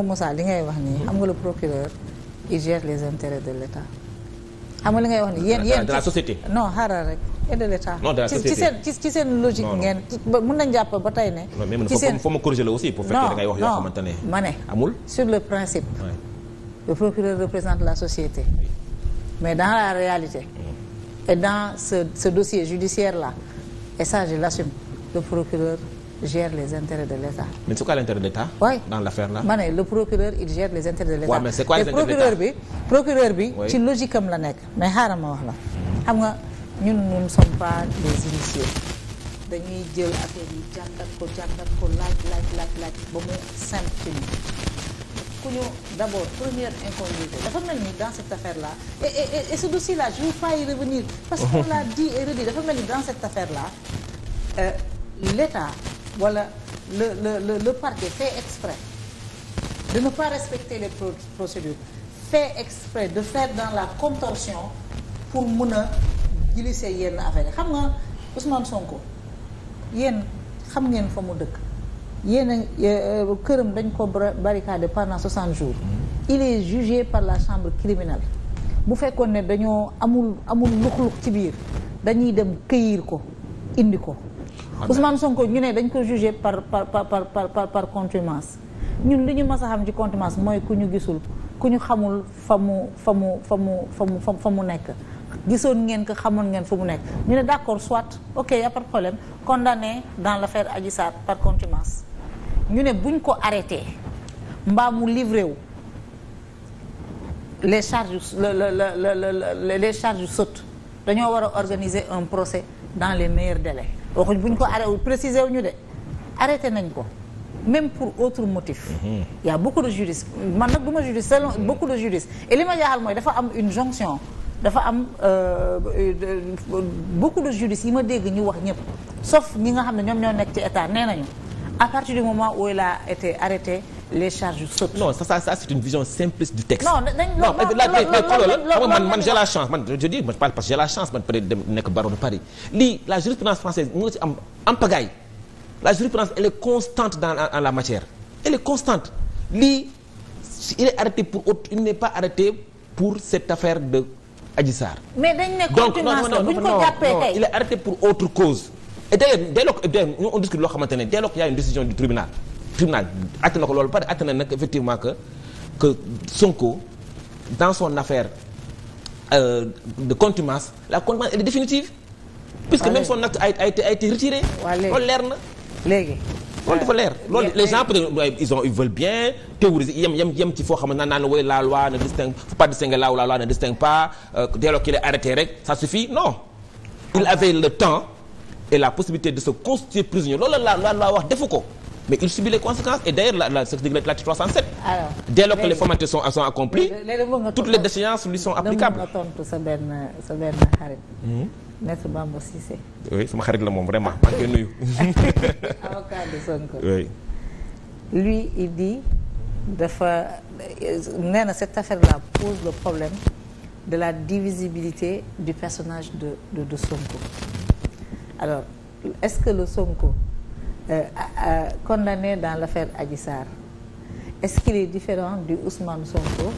nga Moussa li ngay wax nii xam nga le procureur il gère les intérêts de l'État xam nga li ngay wax nii yéen yéen de la société non xaaral rek et de l'État ci seen ci seen logique ngeen mën nañ jàpp ba tey ne ci ma corriger la aussi pour fekkee da ngay wax yoo xamante ne ma ne sur le principe le procureur représente la société mais dans la réalité mm. et dans ce dossier judiciaire là et ça je le procureur gère les intérêts de l'État. mais c'est quoi le procureur il gère les intérêts de l'État. waaw mais c'est quoi les intérêts de procureur bi. procureur bi ci logique la nekk. mais xaaral ma wax la xam nga ñun nous ne sommes pas des dañuy jël affaire yi jàngat ko jàngat ko laaj laaj laaj laaj ba mu simple ci ñu ku ñu d'abord première incongruité dafa mel ni dans cette affaire l'a dit et redit dafa mel ni dans cette affaire là euh, l'État. wala le le le le parquet fait exprès de ne pas respecter les procédures fait exprès de faire dans la contorsion pour mun a glisser yenn affaire yi xam nga Ousmane Sonko yéen xam ngeen fa mu dëkk yéen euh, këram dañ ko barricadé pendant 60 jours mm-hmm. il est jugé par la chambre criminelle bu fekkoon ne dañoo amul amul lux-lux ci biir dañuy dem këyir ko indi ko Ousmane Sonko ñu ne dañ ko jugé par par par par par par contumace ñun li ñu mas a xam ci contumace mooy ku ñu gisul ku ñu xamul fa mu fa mu fa mu fa mu fa mu nekk. gisoon ngeen ko xamoon ngeen fu mu nekk ñu ne d'accord soit ok y a pas de problème condamné dans l'affaire Adji Sarr par contumace ñu ne buñ ko arrêté mbaamu mu livré wu les charges la la la la les dañoo war a organiser un procès dans les meilleurs délais. waxuñ buñ ko arrêté préciser ñu de arrêté nañ ko même pour autre motif mhm. il y a beaucoup de juristes man nag du ma juriste selon beaucoup de juristes et li ma jaaxal mooy dafa am une jonction dafa am euh, beaucoup de juristes yi ma dégg ñu wax ñëpp sauf ñi nga xam ne ñoom ñoo nekk ci état nee nañu à parti du moment où il a été arrêté les charges sautent. non ça ça, ça c'est une vision simpliste du texte. non la chance man je dis la chance man peut-être dem nekk barreau de Paris jurisprudence française mu ngi ci am am la jurisprudence elle est constante dans la matière elle est constante lii il est arrêté pour autre il n'est pas arrêté pour cette affaire de Adji Sarr. mais ne contumace la bu ñu ko cause. et dès lors on discute loo xamante dès lors qu'il y une décision du tribunal. tribunal àtte na ko loolu pare àtte na nag effectivement que que Sonko dans son affaire euh, de contumace la contumace elle est définitive puisque même son acte a ay a été retiré loolu leer na léegi loolu dafa leer loolu les gens peut-être ils ont ils veulent bien ci foo xam ne naan naan wooy la loi ne distingue faut pas distinguer la loi ne distingue pas euh, dès lors qu'il est arrêté rek ça suffit non il avait le temps et la possibilité de se constituer prisonnier loolu la la loi wax defu ko mais il subit les conséquences et d'ailleurs la la l'article 307. alors dès lors que les formalités sont sont accomplies. toutes les déchéances lui sont applicables. sa benn sa benn xarit. maître Bamba Cissé. oui sama xarit la moom vraiment maa ngi koy nuyu. avocat de lui il dit dafa nee na cette affaire là pose le problème de la divisibilité du personnage de Sonko alors est-ce que le Sonko. Euh, euh, euh, condamné dans l'affaire Adji Sarr est-ce qu'il est différent du Ousmane Sonko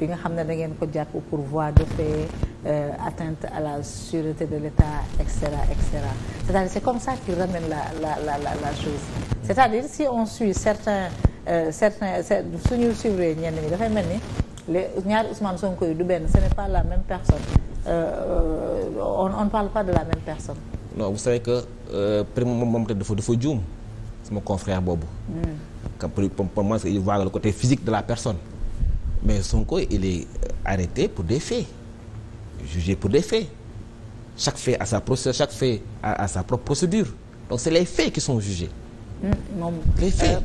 bi nga xam ne da ngeen ko jàpp pour voie de fait euh, atteinte à la sûreté de l'État et cetera et c'est-à-dire c'est comme ça qu'il ramène la la la la la chose c'est-à-dire si on suit certains euh, certains suñu suivre ñenn ñi dafay mel ni les ñaari usman Sonko yi du benn ce n'est pas la même personne euh, on on ne parle pas de la même personne. non vous savez que prime moom moom dafa dafa juum. sama confrère boobu. Hmm. pour pour moi il voit le côté physique de la personne. mais Sonko il est arrêté pour de faits jugé pour des faits chaque fait à sa procédure chaque fait à, à sa propre procédure donc c'est les faits qui sont jugés. Hmm, moom les faits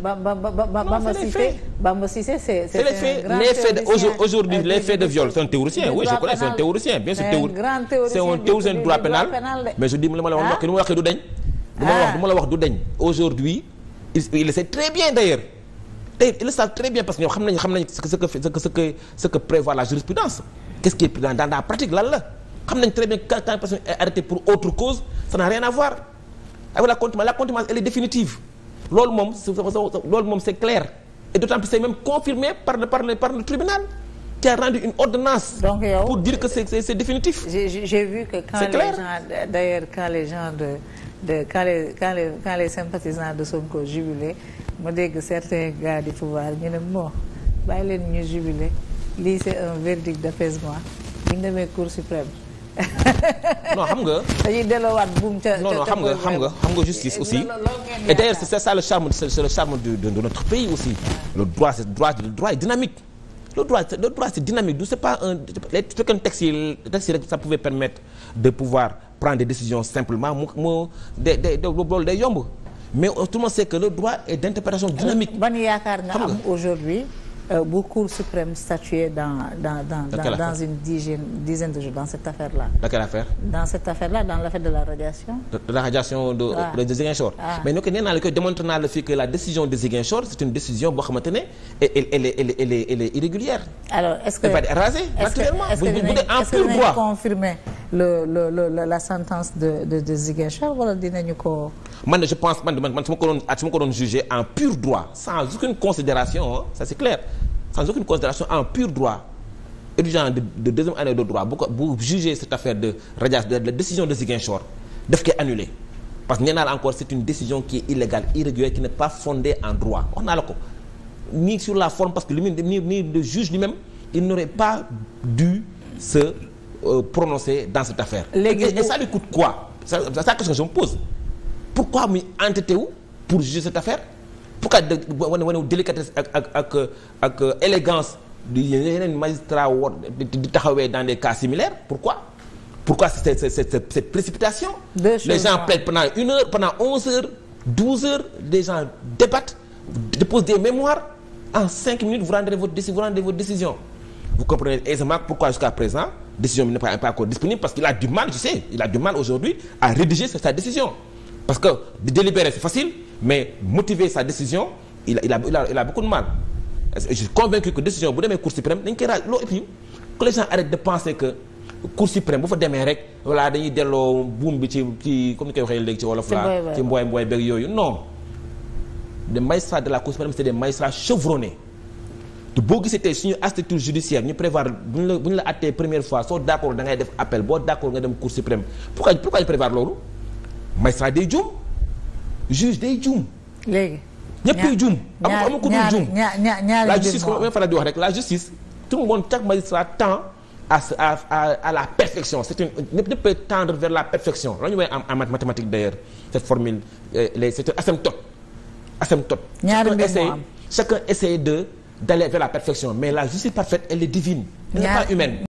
euh, aujourd'hui les faits de euh, viol c'est un théoricien oui je connais c'est un bien sûr c'est un théoricien mais je dis ma la ma wax ni ah. ma wax du ma wax du dañ aujourd'hui il le sait très bien d'ailleurs tey ils très bien parce que ñoom xam nañu xam nañu ce que ce que ce que la jurisprudence qu'est-ce qui est dans dans la pratique lan la xam nañ très bien que quand personne est pour autre cause ça n'a rien à voir ah la contumace la contumace elle est définitive loolu moom loolu moom c'est clair et d'autant plus c'est même confirmé par le par le tribunal qui a rendu une ordonnance pour dire que c'est définitif j'ai vu de quand les quand les quand les sympathisants de Sonko jubilaient ma dégg certains gars du pouvoir ñu ne moo bàyyi leen ñu jubiler lii c'est un verdict d'apaisement bu ñu demee cour suprême. non xam nga. dañuy delloowaat buum ca non non xam nga xam nga xam nga justice aussi. et sa c'est ça le charme c'est le charme de de notre pays aussi. Ah. le droit droit le le droit le droit c'est dynamique du c'est pas un les fekkee texte yi texte yi rek ça pouvait permettre de pouvoir prendre des décisions simplement mu mu de de loolu day yomb mais euh, tout le monde sait que le droit est d'interprétation dynamique. ban yaakaar nga am aujourd'hui euh, bu Cour suprême statué dans dans dans dans, dans une dizaine dizaine de jours dans cette affaire là. dans quelle affaire. dans cette affaire là dans l'affaire de la radiation. de, de la radiation de ah. de, de Ziguinchor. Ah. mais nag nee naa la que démontre naa la fii que la décision de Ziguinchor c'est une décision boo xamante ne irrégulière. est-ce que la sentence de de de Ziguinchor wala dinañu man je pense man man su ma ko doon su ma ko en pur droit sans aucune considération sans aucune considération en pur droit étudiant de, de deuxième année de droit bu ko juger cette affaire de radiation de la décision de Ziguinchor daf koy annuler parce que nee naa la encore c'est une décision qui est illégale irrégulière qui n'est pas fondée en droit wax naa la ko ni sur la forme parce que lui ni ni le juge lui-même il n'aurait pas dû se euh, prononcer dans cette affaire. léegi et, quoi sa ça question que je me pose pourquoi muy entêté wu pour juger cette pourquoi de wane wane délicatesse ak ak ak ak élégance du yeneen magistrat di taxawee dans des cas similaires pourquoi pourquoi cette cette cette précipitation les gens plaident pendant une heure pendant onze heures douze heures les gens débattent déposent des mémoires en cinq minutes vous rendez votre décision vous comprenez aisément pourquoi jusqu'à présent décision bi n'est pas encore disponible parce qu'il a du mal je sais il a du mal aujourd'hui à rédiger sa décision parce que mais motiver sa décision il a il a il a, il a beaucoup de mal je que décision bu demee Cour suprême dañ koy raaj loo et que les gens arrêtent de penser que Cour suprême bu fa demee comme ni koy waxee ci wolof la mbooy mbooy beeg yooyu non les magistrats de la Cour boo gisee tey suñu architecture judiciaire ñu prévoir bu ñu la bu ñu la attee première fois soo d'accord da ngay def appel boo d'accord nga dem Cour loolu magistrat day juum juge day juum. léegi ñaar ñëppay juum. ñaar amul ku dul juum la justice comme ma faral di wax rek la justice tout le chaque magistrat tend à à à à la perfection c'est une ñëpp tendre vers la perfection loolu ñu am en mathématique d'ailleurs cette formule euh, les c'est une asymptote asymptote. ñaari mbir moo de d'aller vers la perfection mais la justice parfaite elle est divine. elle n'est humaine.